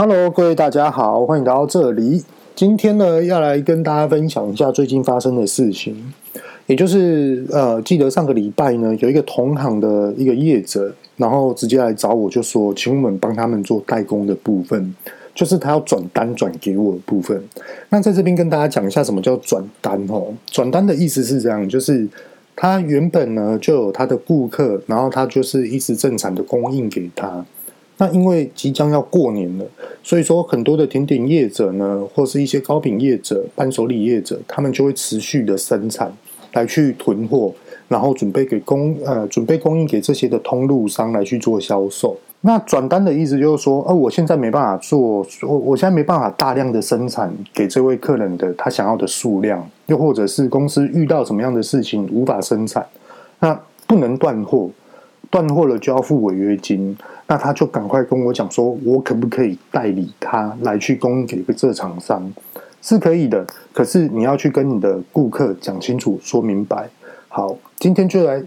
Hello，各位大家好，歡迎來到這裡。今天呢，要來跟大家分享一下最近發生的事情，也就是呃，記得上個禮拜呢，有一個同行的一個業者，然後直接來找我，就說請我們幫他們做代工的部分，就是他要轉單轉給我的部分。那在這邊跟大家講一下，什麼叫轉單哦？轉單的意思是這樣，就是他原本呢就有他的顧客，然後他就是一直正常的供應給他。那因為即將要過年了，所以說很多的甜點業者呢，或是一些糕餅業者、伴手禮業者，他們就會持續的生產，來去囤貨，然後準備給供呃準備供應給這些的通路商來去做銷售。那轉單的意思就是說，哦、呃，我現在沒辦法做，我我現在沒辦法大量的生產給這位客人的他想要的數量，又或者是公司遇到什麼樣的事情無法生產，那不能斷貨。斷貨了就要付違約金，那他就趕快跟我講說，我可不可以代理他來去供給個這廠商？是可以的，可是你要去跟你的顧客講清楚、說明白。好，今天就來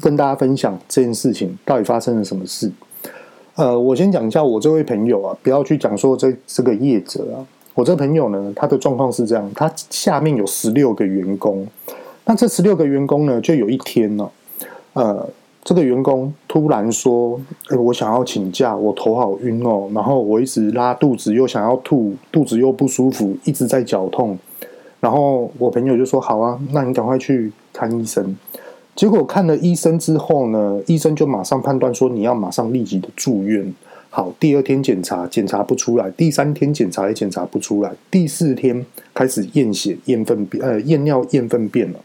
跟大家分享這件事情到底發生了什麼事。呃，我先講一下我這位朋友啊，不要去講說這這個業者啊，我這朋友呢，他的狀況是這樣，他下面有十六個員工，那這十六個員工呢，就有一天呢，啊，呃。這個員工突然說，欸：“我想要請假，我頭好暈哦，然後我一直拉肚子，又想要吐，肚子又不舒服，一直在絞痛。”然後我朋友就說：“好啊，那你趕快去看醫生。”結果看了醫生之後呢，醫生就馬上判斷說：“你要馬上立即的住院。”好，第二天檢查，檢查不出來；第三天檢查也檢查不出來；第四天開始驗血、驗糞便、呃，驗尿、驗糞便了。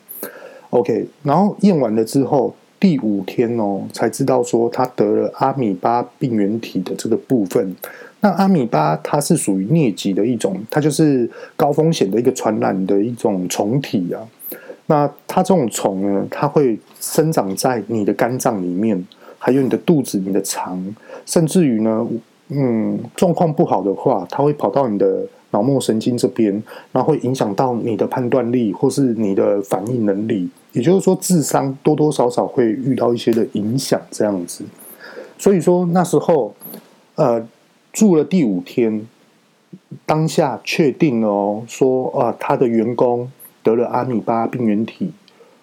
OK，然後驗完了之後。第五天哦，才知道說他得了阿米巴病原體的這個部分。那阿米巴它是屬於瘧疾的一種，它就是高風險的一個傳染的一種蟲體啊。那它這種蟲呢，它會生長在你的肝臟裡面，還有你的肚子、你的腸，甚至於呢，嗯，狀況不好的話，它會跑到你的。腦膜神經這邊，那會影響到你的判斷力或是你的反應能力，也就是說，智商多多少少會遇到一些的影響這樣子。所以說那時候，呃，住了第五天，當下確定哦，說啊、呃，他的員工得了阿米巴病原體，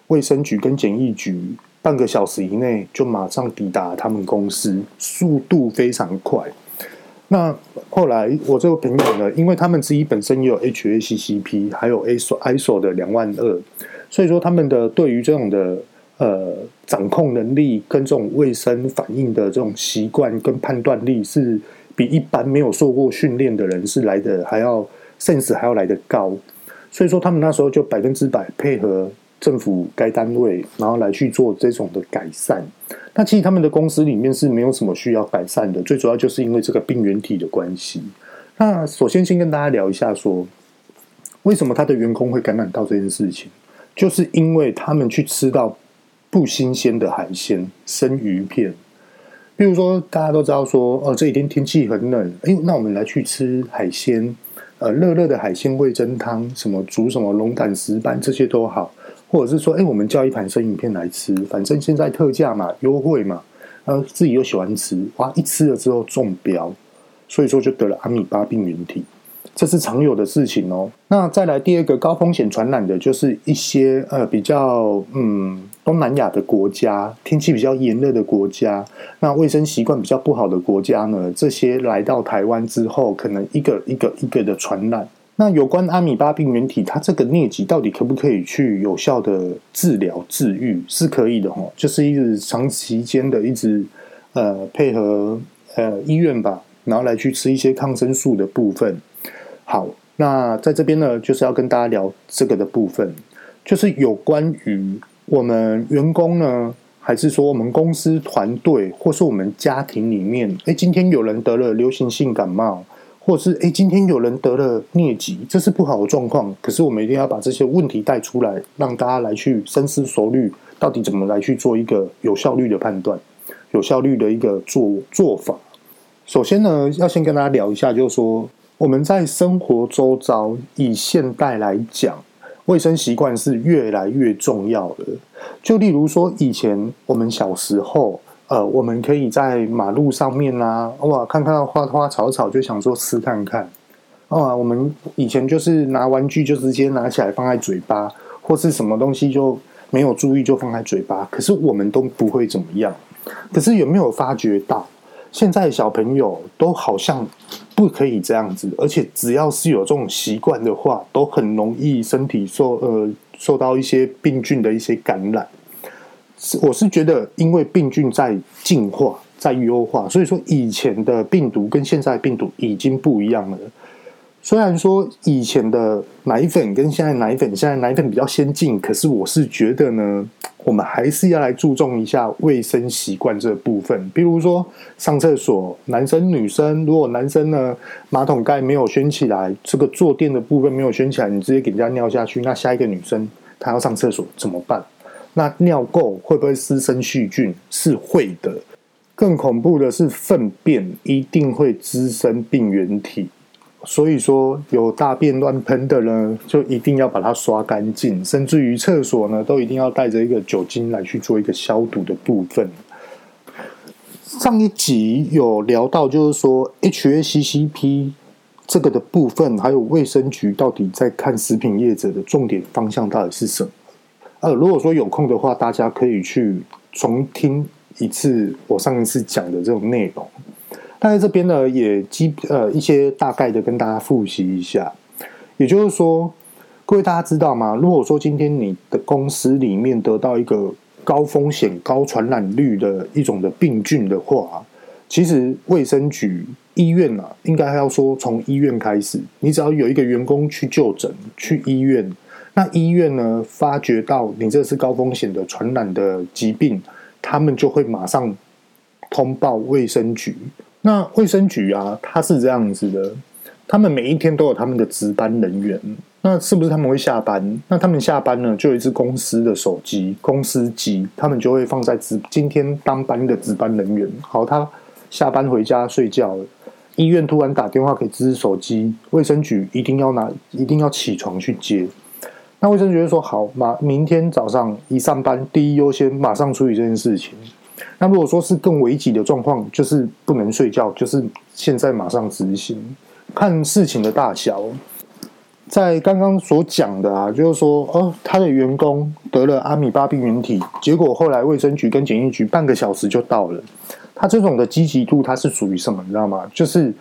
衛生局跟檢疫局半個小時以內就馬上抵達他們公司，速度非常快。那後來我這位朋友呢，因為他們自己本身也有 HACCP，還有 ISO ISO 的兩萬二，所以說他們的對於這種的呃掌控能力跟這種衛生反應的這種習慣跟判斷力，是比一般沒有受過訓練的人是來的還要甚至還要來的高，所以說他們那時候就百分之百配合，政府該單位，然後來去做這種的改善。那其實他們的公司裡面是沒有什麼需要改善的，最主要就是因為這個病原體的關係。那首先先跟大家聊一下說，說為什麼他的員工會感染到這件事情，就是因為他們去吃到不新鮮的海鮮、生魚片。比如說大家都知道說，哦，這幾天天氣很冷，誒，那我們來去吃海鮮，呃，熱熱的海鮮味噌湯，什麼煮什麼龍膽石斑，這些都好。或者是說，誒、欸、我們叫一盤生魚片來吃，反正現在特價嘛，優惠嘛，然、呃、後自己又喜歡吃，哇！一吃了之後中標，所以說就得了阿米巴病原體，這是常有的事情哦。那再來第二個高風險傳染的，就是一些呃比較嗯東南亞的國家，天氣比較炎熱的國家，那衛生習慣比較不好的國家呢，這些來到台灣之後，可能一個一個一個的傳染。那有關阿米巴病原體，它這個瘧疾到底可不可以去有效的治療治癒？是可以的吼，就是一直長時間的一直呃配合呃醫院吧，然後來去吃一些抗生素的部分。好，那在這邊呢，就是要跟大家聊這個的部分，就是有關於我們員工呢，還是說我們公司團隊，或是我們家庭裡面，哎、欸，今天有人得了流行性感冒。或者是哎，今天有人得了瘧疾，這是不好的狀況。可是我們一定要把這些問題帶出來，讓大家來去深思熟慮，到底怎麼來去做一個有效率的判斷，有效率的一個做做法。首先呢，要先跟大家聊一下，就是說我們在生活周遭，以現代來講，衛生習慣是越來越重要的。就例如說，以前我們小時候。呃，我們可以在馬路上面啊，哇，看看到花花草草就想說吃看看，啊，我們以前就是拿玩具就直接拿起來放在嘴巴，或是什麼東西就沒有注意就放在嘴巴，可是我們都不會怎麼樣。可是有沒有發覺到，現在小朋友都好像不可以這樣子，而且只要是有這種習慣的話，都很容易身體受呃受到一些病菌的一些感染。我是覺得，因為病菌在進化，在優化，所以說以前的病毒跟現在的病毒已經不一樣了。雖然說以前的奶粉跟現在奶粉，現在奶粉比較先進，可是我是覺得呢，我們還是要來注重一下衛生習慣這部分。比如說上廁所，男生女生，如果男生呢馬桶蓋沒有掀起來，這個坐墊的部分沒有掀起來，你直接給人家尿下去，那下一個女生她要上廁所怎麼辦？那尿垢會不會滋生細菌？是會的。更恐怖的是，糞便一定會滋生病原體。所以說，有大便亂噴的呢，就一定要把它刷乾淨。甚至於廁所呢，都一定要帶着一個酒精來去做一個消毒的部分。上一集有聊到，就是說 HACCP 這個的部分，還有衛生局到底在看食品業者的重點方向，到底是什麼？呃，如果說有空的話，大家可以去重聽一次我上一次講的這種內容。但在這邊呢，也基呃一些大概的跟大家複習一下。也就是說，各位大家知道嗎？如果說今天你的公司裡面得到一個高風險、高傳染率的一種的病菌的話，其實衛生局、醫院啊，應該要說從醫院開始，你只要有一個員工去就診、去醫院。那醫院呢，發覺到你這是高風險的傳染的疾病，他們就會馬上通報衛生局。那衛生局啊，他是這樣子的，他們每一天都有他們的值班人員。那是不是他們會下班？那他們下班呢，就有一支公司的手機，公司機，他們就會放在值今天當班的值班人員。好，他下班回家睡覺了，醫院突然打電話給這支手機，衛生局一定要拿，一定要起床去接。那衛生局就說好，明天早上一上班，第一優先馬上處理這件事情。那如果說是更危急的狀況，就是不能睡覺，就是現在馬上執行。看事情的大小，在剛剛所講的啊，就是說哦，他的員工得了阿米巴病原體，結果後來衛生局跟檢疫局半個小時就到了。他這種的積極度，他是屬於什麼？你知道嗎？就是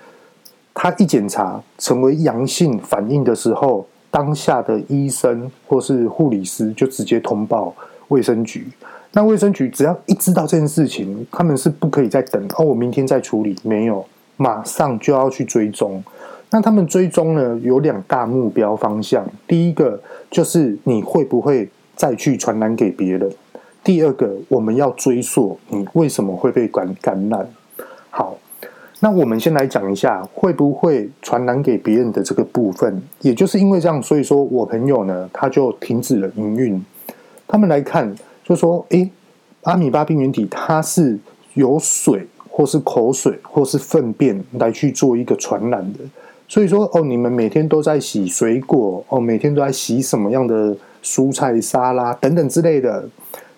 他一檢查成為陽性反應的時候。當下的醫生或是護理師就直接通報衛生局，那衛生局只要一知道這件事情，他們是不可以再等哦，我明天再處理，沒有，馬上就要去追蹤。那他們追蹤呢，有兩大目標方向：第一個就是你會不會再去傳染給別人；第二個我們要追溯你為什麼會被感感染。好。那我們先來講一下會不會傳染給別人的這個部分，也就是因為這樣，所以說我朋友呢他就停止了營運。他們來看就說：“誒，阿米巴病原體它是由水或是口水或是糞便來去做一個傳染的，所以說哦，你們每天都在洗水果哦，每天都在洗什麼樣的蔬菜沙拉等等之類的，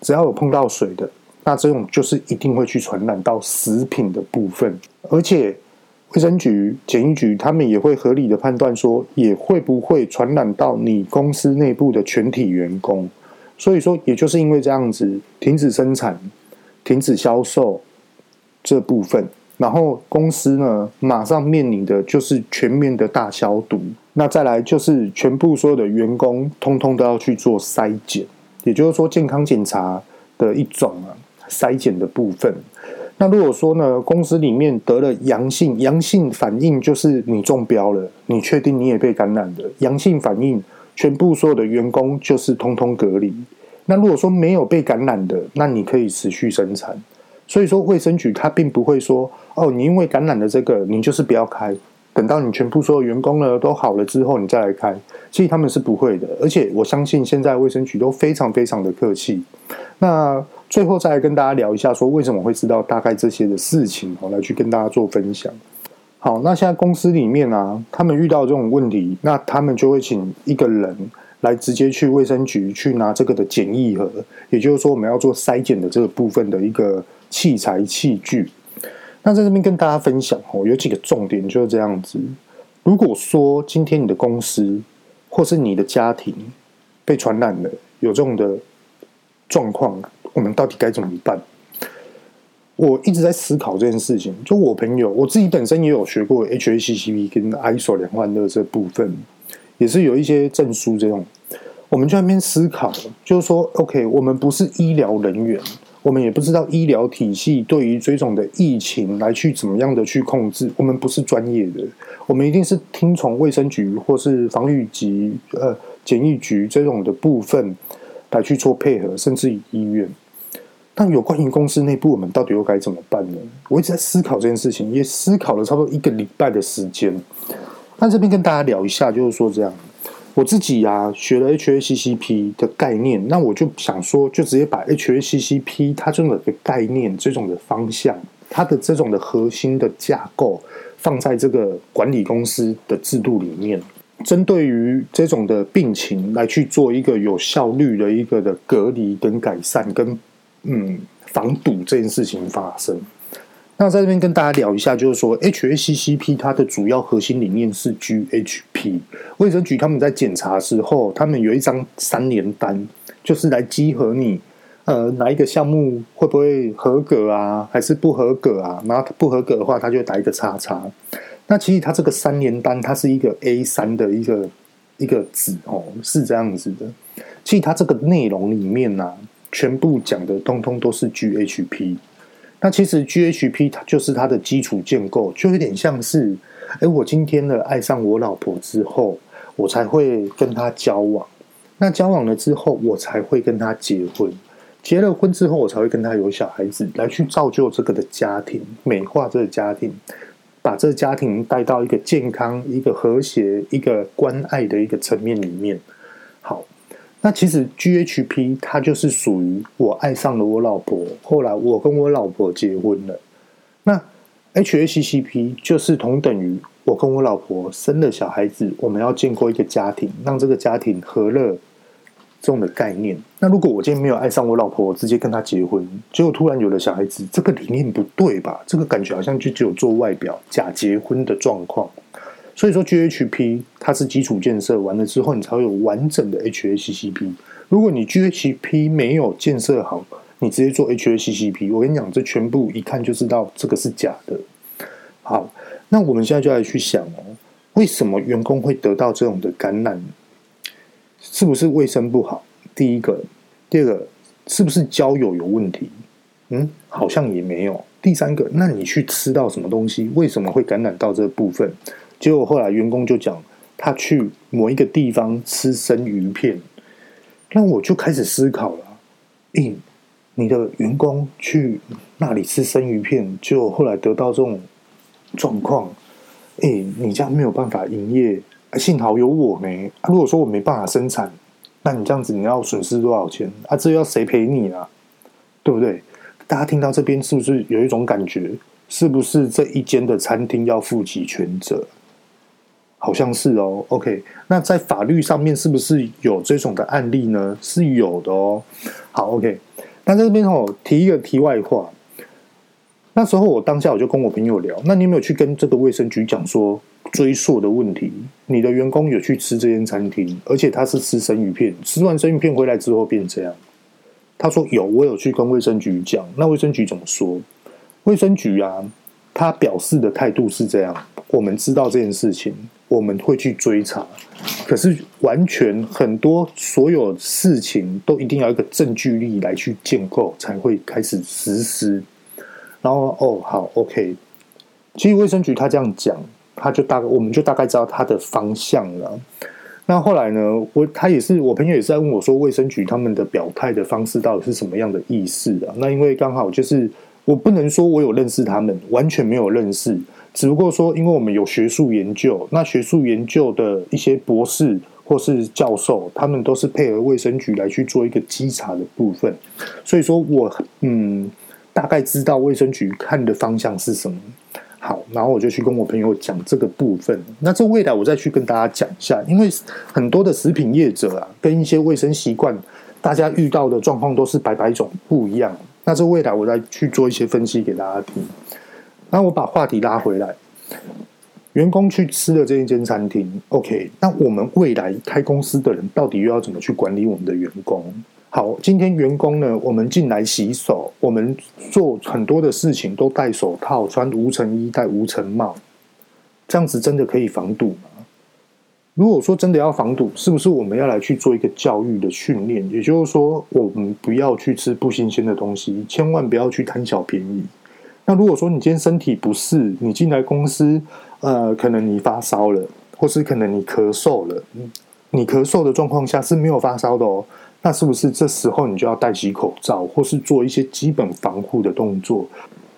只要有碰到水的。”那這種就是一定會去傳染到食品的部分，而且衛生局、檢疫局他們也會合理的判斷說，也會不會傳染到你公司內部的全體員工。所以說，也就是因為這樣子，停止生產、停止銷售這部分，然後公司呢馬上面臨的就是全面的大消毒。那再來就是全部所有的員工通通都要去做篩檢，也就是說健康檢查的一種啊。篩檢的部分，那如果說呢，公司裡面得了陽性，陽性反應就是你中標了，你確定你也被感染了。陽性反應全部所有的員工就是通通隔離。那如果說沒有被感染的，那你可以持續生產。所以說，衛生局他並不會說，哦，你因為感染了這個，你就是不要開，等到你全部所有員工呢都好了之後，你再來開。其實他們是不會的，而且我相信現在衛生局都非常非常的客氣。那最後再來跟大家聊一下，說為什麼會知道大概這些的事情哦，來去跟大家做分享。好，那現在公司裡面啊，他們遇到這種問題，那他們就會請一個人來直接去衛生局去拿這個的檢疫盒，也就是說我們要做篩檢的這個部分的一個器材器具。那在這邊跟大家分享哦，有幾個重點就是這樣子。如果說今天你的公司或是你的家庭被傳染了，有這種的狀況。我們到底該怎麼辦？我一直在思考這件事情。就我朋友，我自己本身也有學過 HACCP 跟 ISO 兩萬的這部分，也是有一些證書這種。我們就在那邊思考，就是說，OK，我們不是醫療人員，我們也不知道醫療體系對於這種的疫情來去怎麼樣的去控制。我們不是專業的，我們一定是聽從衛生局或是防禦局、呃，檢疫局這種的部分來去做配合，甚至醫院。但有關於公司內部，我們到底又該怎麼辦呢？我一直在思考這件事情，也思考了差不多一個禮拜的時間。那這邊跟大家聊一下，就是說這樣，我自己呀、啊、學了 HACCP 的概念，那我就想說，就直接把 HACCP 它這種的概念、這種的方向、它的這種的核心的架構，放在這個管理公司的制度裡面，針對於這種的病情來去做一個有效率的一個的隔離跟改善跟。嗯，防堵這件事情發生。那在這邊跟大家聊一下，就是說，HACCP 它的主要核心理念是 GHP。衛生局他們在檢查的時候，他們有一張三聯單，就是來稽核你，呃，哪一個項目會不會合格啊，還是不合格啊？然後不合格的話，他就打一個叉叉。那其實它這個三聯單，它是一個 A3 的一個一個紙哦，是這樣子的。其實它這個內容裡面呢、啊。全部講的通通都是 GHP，那其實 GHP 它就是它的基礎建構，就有點像是，誒，我今天呢愛上我老婆之後，我才會跟她交往，那交往了之後，我才會跟她結婚，結了婚之後，我才會跟她有小孩子，來去造就這個的家庭，美化這個家庭，把這個家庭帶到一個健康、一個和諧、一個關愛的一個層面裡面。那其實 G H P 它就是屬於我愛上了我老婆，後來我跟我老婆結婚了。那 HACCP 就是同等於我跟我老婆生了小孩子，我們要建構一個家庭，讓這個家庭和樂，這種的概念。那如果我今天沒有愛上我老婆，我直接跟他結婚，結果突然有了小孩子，這個理念不對吧？這個感覺好像就只有做外表假結婚的狀況。所以說 GHP 它是基礎建設完了之後，你才會有完整的 HACCP。如果你 GHP 沒有建設好，你直接做 HACCP，我跟你講，這全部一看就知道這個是假的。好，那我們現在就來去想哦，為什麼員工會得到這種的感染？是不是衛生不好？第一個，第二個，是不是交友有問題？嗯，好像也沒有。第三個，那你去吃到什麼東西？為什麼會感染到這個部分？結果後來員工就講，他去某一個地方吃生魚片，那我就開始思考了。誒、欸，你的員工去那裡吃生魚片，結果後來得到這種狀況，誒、欸，你這樣沒有辦法營業。幸好有我沒、啊，如果說我沒辦法生產，那你這樣子你要損失多少錢？啊，這要誰賠你啊？對不對？大家聽到這邊是不是有一種感覺？是不是這一間的餐廳要負起全責？好像是哦，OK。那在法律上面是不是有這種的案例呢？是有的哦。好，OK。那在這邊哦，提一個題外話。那時候我當下我就跟我朋友聊，那你有沒有去跟這個衛生局講說追溯的問題？你的員工有去吃這間餐廳，而且他是吃生魚片，吃完生魚片回來之後變這樣。他說有，我有去跟衛生局講。那衛生局怎麼說？衛生局啊。他表示的態度是這樣，我們知道這件事情，我們會去追查。可是，完全很多所有事情都一定要一個證據力來去建構，才會開始實施。然後，哦，好，OK。其實衛生局他這樣講，他就大概，我們就大概知道他的方向了。那後來呢？我他也是，我朋友也是在問我說，衛生局他們的表態的方式到底是什麼樣的意思啊？那因為剛好就是。我不能說我有認識他們，完全沒有認識。只不過說，因為我們有學術研究，那學術研究的一些博士或是教授，他們都是配合衛生局來去做一個稽查的部分。所以說我嗯，大概知道衛生局看的方向是什麼。好，然後我就去跟我朋友講這個部分。那這未來我再去跟大家講一下，因為很多的食品業者啊，跟一些衛生習慣，大家遇到的狀況都是百百種不一樣。那這未來我再去做一些分析給大家聽。那我把話題拉回來，員工去吃了這一間餐廳，OK。那我們未來開公司的人到底又要怎麼去管理我們的員工？好，今天員工呢，我們進來洗手，我們做很多的事情都戴手套、穿無塵衣、戴無塵帽，這樣子真的可以防堵嗎？如果說真的要防堵，是不是我們要來去做一個教育的訓練？也就是說，我們不要去吃不新鮮的東西，千萬不要去貪小便宜。那如果說你今天身體不適，你進來公司，呃，可能你發燒了，或是可能你咳嗽了。你咳嗽的狀況下是沒有發燒的哦。那是不是這時候你就要戴起口罩，或是做一些基本防護的動作？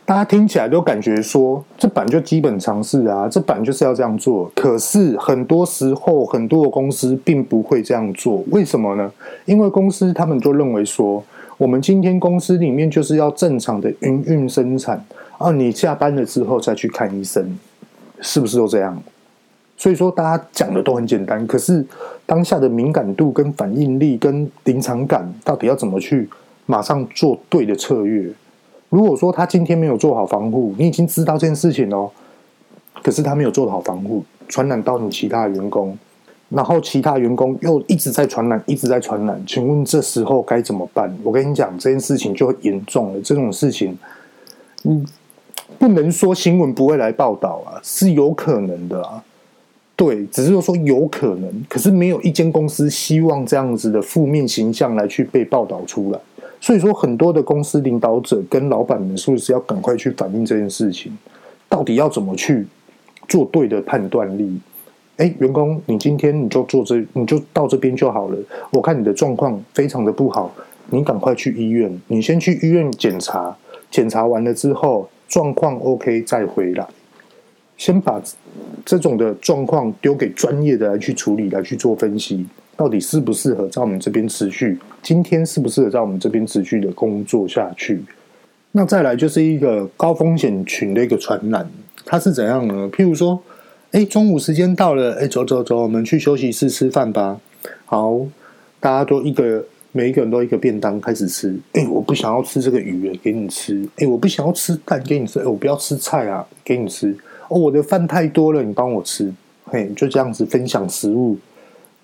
大家聽起來都感覺說，這版就基本嘗試啊，這版就是要這樣做。可是很多時候，很多的公司並不會這樣做，為什麼呢？因為公司他們就認為說，我們今天公司裡面就是要正常的營運生產啊，然後你下班了之後再去看醫生，是不是都這樣？所以說，大家講的都很簡單，可是當下的敏感度、跟反應力、跟臨場感，到底要怎麼去馬上做對的策略？如果說他今天沒有做好防護，你已經知道這件事情哦。可是他沒有做好防護，傳染到你其他員工，然後其他員工又一直在傳染，一直在傳染。請問這時候該怎麼辦？我跟你講，這件事情就嚴重了。這種事情，嗯，不能說新聞不會來報道啊，是有可能的啊。對，只是說有可能，可是沒有一間公司希望這樣子的負面形象來去被報道出來。所以說，很多的公司領導者跟老闆們是不是要趕快去反映這件事情？到底要怎麼去做對的判斷力？哎，員工，你今天你就坐這，你就到這邊就好了。我看你的狀況非常的不好，你趕快去醫院，你先去醫院檢查，檢查完了之後狀況 OK 再回來。先把這種的狀況丟給專業的來去處理，來去做分析。到底適不適合在我們這邊持續？今天適不適合在我們這邊持續的工作下去？那再來就是一個高風險群的一個傳染，它是怎樣呢？譬如說，哎，中午時間到了，哎，走走走，我們去休息室吃飯吧。好，大家都一個，每一個人都一個便當開始吃。哎，我不想要吃這個魚，給你吃。哎，我不想要吃蛋，給你吃。哎，我不要吃菜啊，給你吃。哦，我的飯太多了，你幫我吃。嘿，就這樣子分享食物。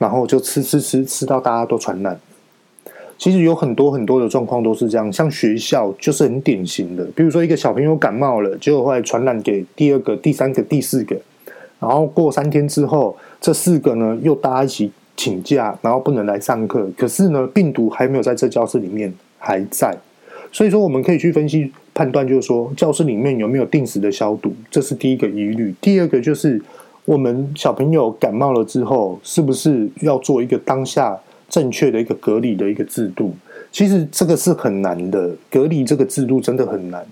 然後就吃吃吃吃，到大家都傳染。其實有很多很多的狀況都是這樣，像學校就是很典型的。比如說一個小朋友感冒了，就會傳染給第二個、第三個、第四個。然後過三天之後，這四個呢又大家一起請假，然後不能來上課。可是呢，病毒還沒有在這教室裡面還在。所以說，我們可以去分析判斷，就是說教室裡面有沒有定時的消毒，這是第一個疑慮。第二個就是。我們小朋友感冒了之後，是不是要做一個當下正確的一個隔離的一個制度？其實這個是很難的，隔離這個制度真的很難，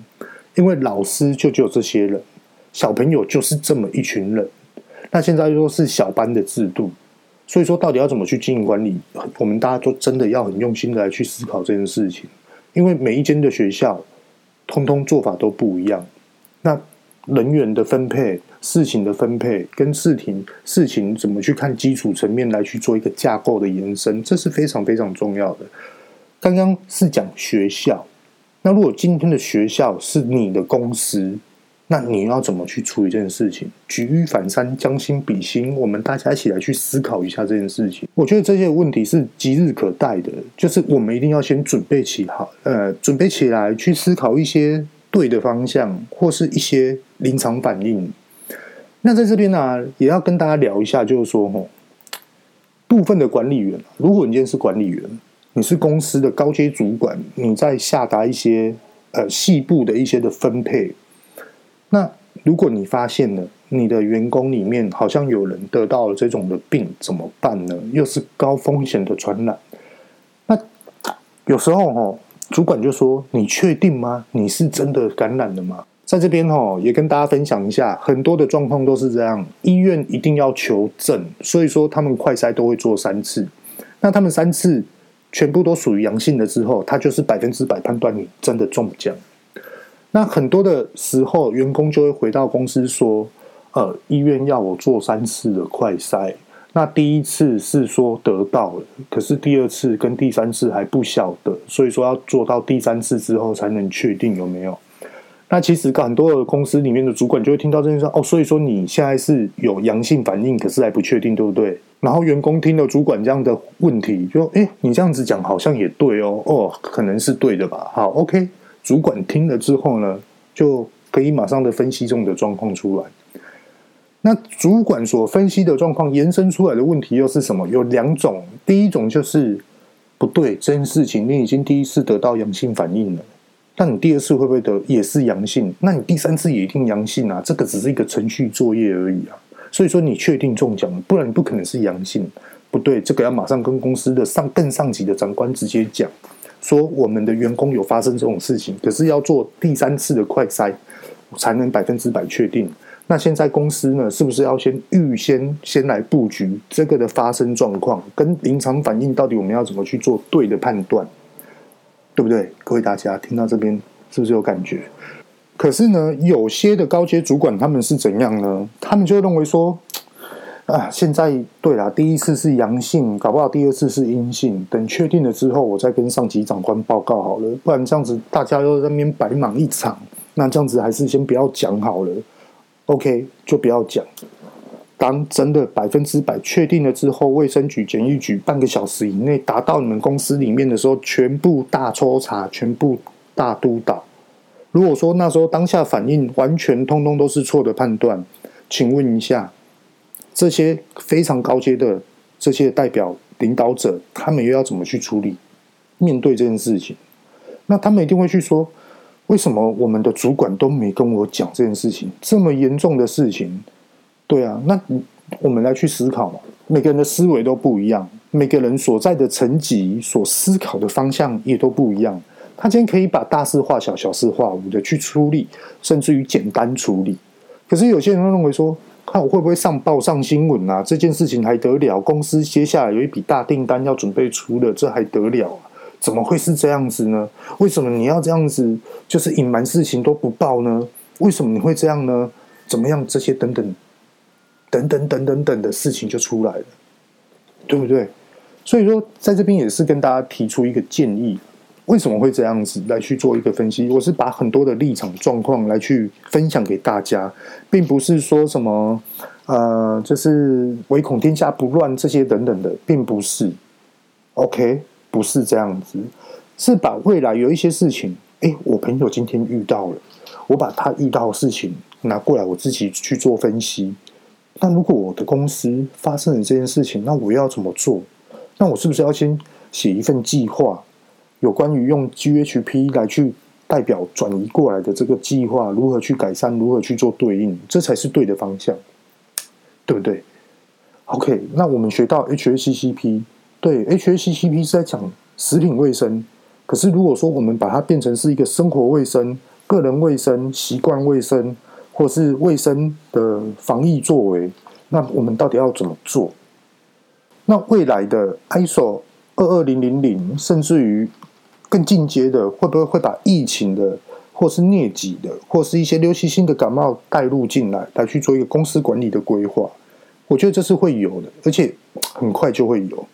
因為老師就只有這些人，小朋友就是這麼一群人。那現在又說，是小班的制度，所以說到底要怎麼去經營管理，我們大家都真的要很用心的來去思考這件事情。因為每一間的學校，通通做法都不一樣，那人員的分配。事情的分配跟事情事情怎麼去看基礎層面來去做一個架構的延伸，這是非常非常重要的。剛剛是講學校，那如果今天的學校是你的公司，那你要怎麼去處理這件事情？舉一反三，將心比心，我們大家一起來去思考一下這件事情。我覺得這些問題是即日可待的，就是我們一定要先準備起好，呃，準備起來去思考一些對的方向，或是一些臨場反應。那在這邊呢、啊，也要跟大家聊一下，就是說，哦，部分的管理員，如果你今天是管理員，你是公司的高階主管，你在下達一些呃細部的一些的分配，那如果你發現了你的員工裡面好像有人得到了這種的病，怎麼辦呢？又是高風險的傳染，那有時候哦，主管就說：“你確定嗎？你是真的感染了嗎？”在這邊哈，也跟大家分享一下，很多的狀況都是這樣，醫院一定要求證，所以說他們快篩都會做三次，那他們三次全部都屬於陽性了之後，他就是百分之百判斷你真的中獎。那很多的時候，員工就會回到公司說，呃，醫院要我做三次的快篩，那第一次是說得到了，可是第二次跟第三次還不曉得，所以說要做到第三次之後才能確定有沒有。那其實很多的公司裡面的主管就會聽到這件事哦，所以說你現在是有陽性反應，可是還不確定，對不對？然後員工聽了主管這樣的問題，就哎，你這樣子講好像也對哦，哦，可能是對的吧。好，OK，主管聽了之後呢，就可以馬上的分析這種的狀況出來。那主管所分析的狀況延伸出來的問題又是什麼？有兩種，第一種就是不對，這件事情你已經第一次得到陽性反應了。那你第二次會不會得也是陽性？那你第三次也一定陽性啊？這個只是一個程序作業而已啊。所以說你確定中獎了，不然你不可能是陽性。不對，這個要馬上跟公司的上更上級的長官直接講，說我們的員工有發生這種事情，可是要做第三次的快篩才能百分之百確定。那現在公司呢，是不是要先預先先來布局這個的發生狀況跟臨場反應，到底我們要怎麼去做對的判斷？對不對？各位大家聽到這邊是不是有感覺？可是呢，有些的高階主管他們是怎樣呢？他們就認為說，啊，現在對啦，第一次是陽性，搞不好第二次是陰性。等確定了之後，我再跟上級長官報告好了。不然這樣子大家又在那邊白忙一場。那這樣子還是先不要講好了。OK，就不要講。當真的百分之百確定了之後，衛生局、檢疫局半個小時以內達到你們公司裡面的時候，全部大抽查，全部大督導。如果說那時候當下反應完全通通都是錯的判斷，請問一下，這些非常高階的這些代表領導者，他們又要怎麼去處理面對這件事情？那他們一定會去說，為什麼我們的主管都沒跟我講這件事情？這麼嚴重的事情。對啊，那我們來去思考嘛。每個人的思維都不一樣，每個人所在的層級、所思考的方向也都不一樣。他今天可以把大事化小、小事化無的去處理，甚至於簡單處理。可是有些人認為說，看、啊、我會不會上報上新聞啊？這件事情還得了？公司接下來有一筆大訂單要準備出了，這還得了、啊？怎麼會是這樣子呢？為什麼你要這樣子？就是隱瞞事情都不報呢？為什麼你會這樣呢？怎麼樣？這些等等。等等等等等的事情就出來了，對不對？所以說，在這邊也是跟大家提出一個建議。為什麼會這樣子來去做一個分析？我是把很多的立場狀況來去分享給大家，並不是說什麼呃，就是唯恐天下不亂這些等等的，並不是。OK，不是這樣子，是把未來有一些事情，誒，我朋友今天遇到了，我把他遇到的事情拿過來，我自己去做分析。那如果我的公司發生了這件事情，那我要怎麼做？那我是不是要先寫一份計劃？有關於用 GHP 來去代表轉移過來的這個計劃，如何去改善，如何去做對應，這才是對的方向，對不對？OK，那我們學到 HACCP，對 HACCP 是在講食品衛生，可是如果說我們把它變成是一個生活衛生、個人衛生、習慣衛生。或是衛生的防疫作為，那我們到底要怎麼做？那未來的 ISO 22000，甚至於更進階的，會不會會把疫情的，或是瘧疾的，或是一些流行性的感冒帶入進來，來去做一個公司管理的規劃？我覺得這是會有的，而且很快就會有。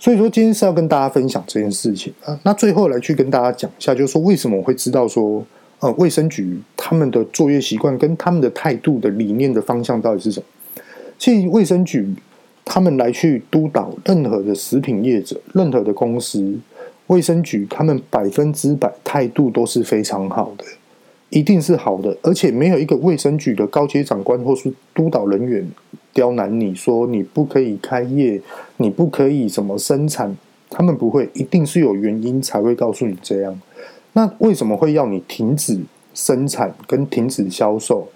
所以說，今天是要跟大家分享這件事情啊。那最後來去跟大家講一下，就是說為什麼我會知道說。呃，衛生局他們的作業習慣跟他們的態度的理念的方向到底是什麼？其實衛生局他們來去督導任何的食品業者、任何的公司，衛生局他們百分之百態度都是非常好的，一定是好的，而且沒有一個衛生局的高級長官或是督導人員刁難你說你不可以開業，你不可以什麼生產，他們不會，一定是有原因才會告訴你這樣。那為什麼會要你停止生產跟停止銷售？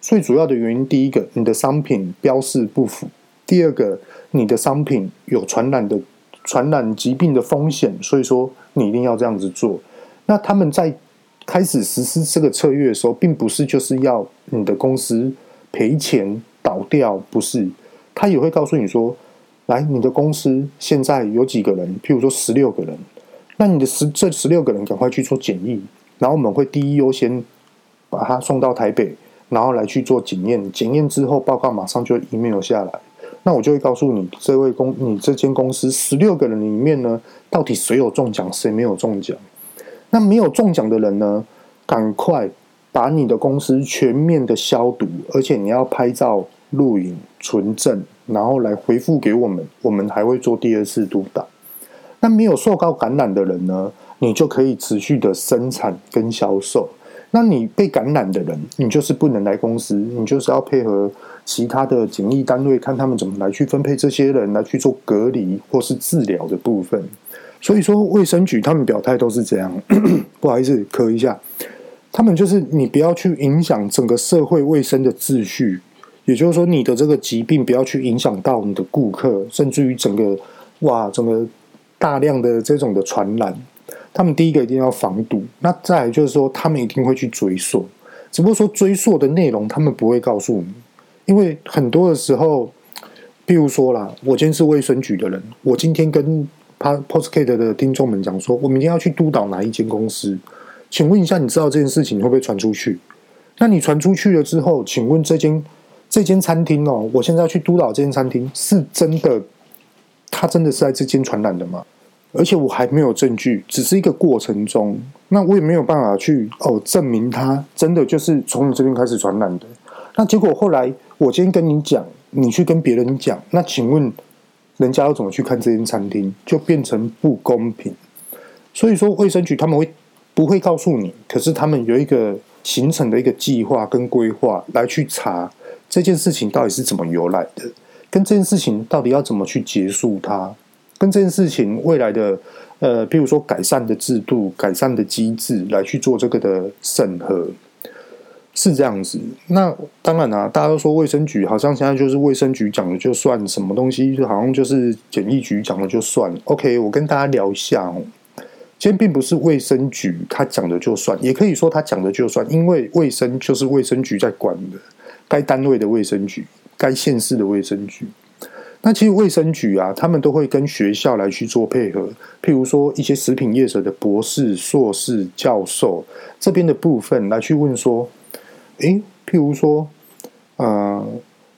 最主要的原因，第一個，你的商品標示不符；第二個，你的商品有傳染的傳染疾病的風險，所以說你一定要這樣子做。那他們在開始實施這個策略的時候，並不是就是要你的公司賠錢倒掉，不是。他也會告訴你說，來，你的公司現在有幾個人，譬如說，十六個人。那你的十，這十六個人趕快去做檢疫，然後我們會第一優先把他送到台北，然後來去做檢驗。檢驗之後報告馬上就 email 下來，那我就會告訴你，這位公，你這間公司十六個人裡面呢，到底誰有中獎，誰沒有中獎。那沒有中獎的人呢，趕快把你的公司全面的消毒，而且你要拍照、錄影、存證，然後來回覆給我們，我們還會做第二次督導。那沒有受到感染的人呢？你就可以持續的生產跟銷售。那你被感染的人，你就是不能來公司，你就是要配合其他的警力單位，看他們怎麼來去分配這些人來去做隔離或是治療的部分。所以說，衛生局他們表態都是這樣。 不好意思，咳一下。他們就是你不要去影響整個社會衛生的秩序，也就是說，你的這個疾病不要去影響到你的顧客，甚至於整個哇，整個。大量的這種的傳染，他們第一個一定要防堵。那再來就是說，他們一定會去追溯，只不過說追溯的內容，他們不會告訴你，因為很多的時候，譬如說啦，我今天是衛生局的人，我今天跟他 podcast 的聽眾們講說，我明天要去督導哪一間公司，請問一下，你知道這件事情會不會傳出去？那你傳出去了之後，請問這間這間餐廳哦，我現在要去督導這間餐廳是真的？他真的是在這間傳染的嗎？而且我還沒有證據，只是一個過程中，那我也沒有辦法去哦證明他真的就是從你這邊開始傳染的。那結果後來我今天跟你講，你去跟別人講，那請問人家要怎麼去看這間餐廳？就變成不公平。所以說衛生局他們會不會告訴你？可是他們有一個行程的一個計劃跟規劃來去查這件事情到底是怎麼由來的。嗯跟這件事情到底要怎麼去結束它？跟這件事情未來的呃，譬如說改善的制度，改善的機制，來去做這個的審核，是這樣子。那當然啊，大家都說衛生局好像現在就是衛生局講的就算，什麼東西就好像就是檢疫局講的就算。OK，我跟大家聊一下哦。其實並不是衛生局他講的就算，也可以說他講的就算，因為衛生就是衛生局在管的，該單位的衛生局。該縣市的衛生局，那其實衛生局啊，他們都會跟學校來去做配合。譬如說，一些食品業者的博士、碩士、教授這邊的部分來去問說：“誒、欸，譬如說，呃，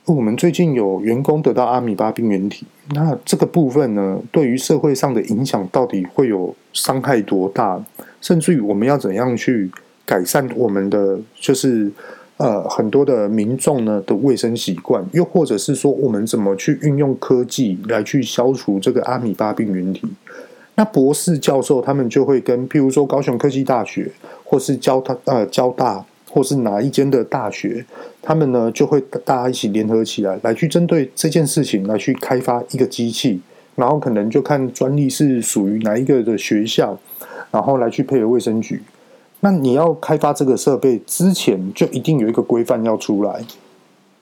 我們最近有員工得到阿米巴病原體，那這個部分呢，對於社會上的影響到底會有傷害多大？甚至於我們要怎樣去改善我們的就是？”呃，很多的民眾呢的衛生習慣，又或者是說我們怎麼去運用科技來去消除這個阿米巴病原體？那博士教授他們就會跟，譬如說高雄科技大學，或是交大，呃，交大，或是哪一間的大學，他們呢就會大家一起聯合起來，來去針對這件事情，來去開發一個機器，然後可能就看專利是屬於哪一個的學校，然後來去配合衛生局。那你要開發這個設備之前，就一定有一個規範要出來。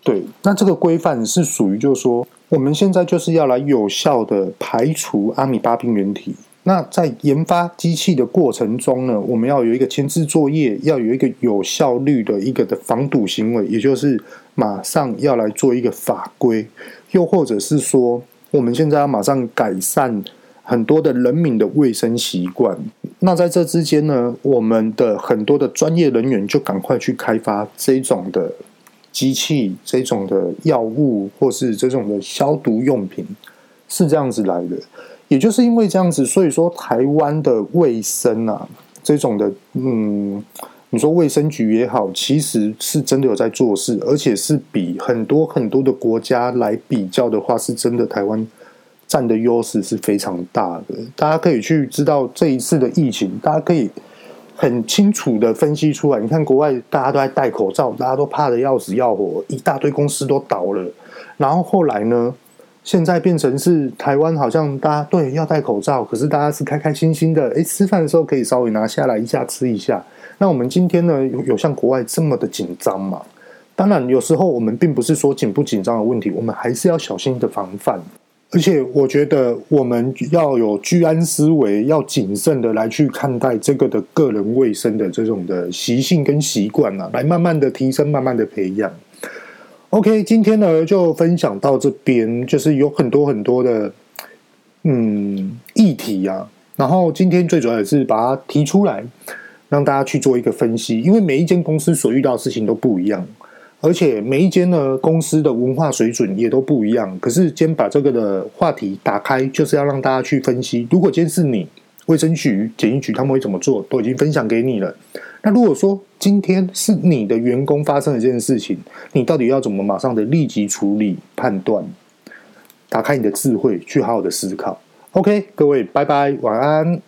對，那這個規範是屬於，就是說，我們現在就是要來有效的排除阿米巴病原體。那在研發機器的過程中呢，我們要有一個前置作業，要有一個有效率的一個的防堵行為，也就是馬上要來做一個法規，又或者是說，我們現在要馬上改善很多的人民的衛生習慣。那在這之間呢，我們的很多的專業人員就趕快去開發這種的機器、這種的藥物，或是這種的消毒用品，是這樣子來的。也就是因為這樣子，所以說台灣的衛生啊，這種的，嗯，你說衛生局也好，其實是真的有在做事，而且是比很多很多的國家來比較的話，是真的台灣佔的優勢是非常大的，大家可以去知道這一次的疫情，大家可以很清楚的分析出來。你看國外，大家都在戴口罩，大家都怕得要死要活，一大堆公司都倒了。然後後來呢，現在變成是台灣，好像大家對要戴口罩，可是大家是開開心心的，誒、欸，吃飯的時候可以稍微拿下來一下吃一下。那我們今天呢，有像國外這麼的緊張嘛？當然，有時候我們並不是說緊不緊張的問題，我們還是要小心的防範。而且我覺得我們要有居安思危，要謹慎的來去看待這個的個人衛生的這種的習性跟習慣啊，來慢慢的提升，慢慢的培養。OK，今天呢就分享到這邊，就是有很多很多的嗯議題啊，然後今天最主要也是把它提出來，讓大家去做一個分析，因為每一間公司所遇到的事情都不一樣。而且每一間呢公司的文化水準也都不一樣。可是今天把這個的話題打開，就是要讓大家去分析。如果今天是你衛生局、檢疫局，他們會怎麼做？都已經分享給你了。那如果說今天是你的員工發生了一件事情，你到底要怎麼馬上的立即處理、判斷？打開你的智慧，去好好的思考。OK，各位，拜拜，晚安。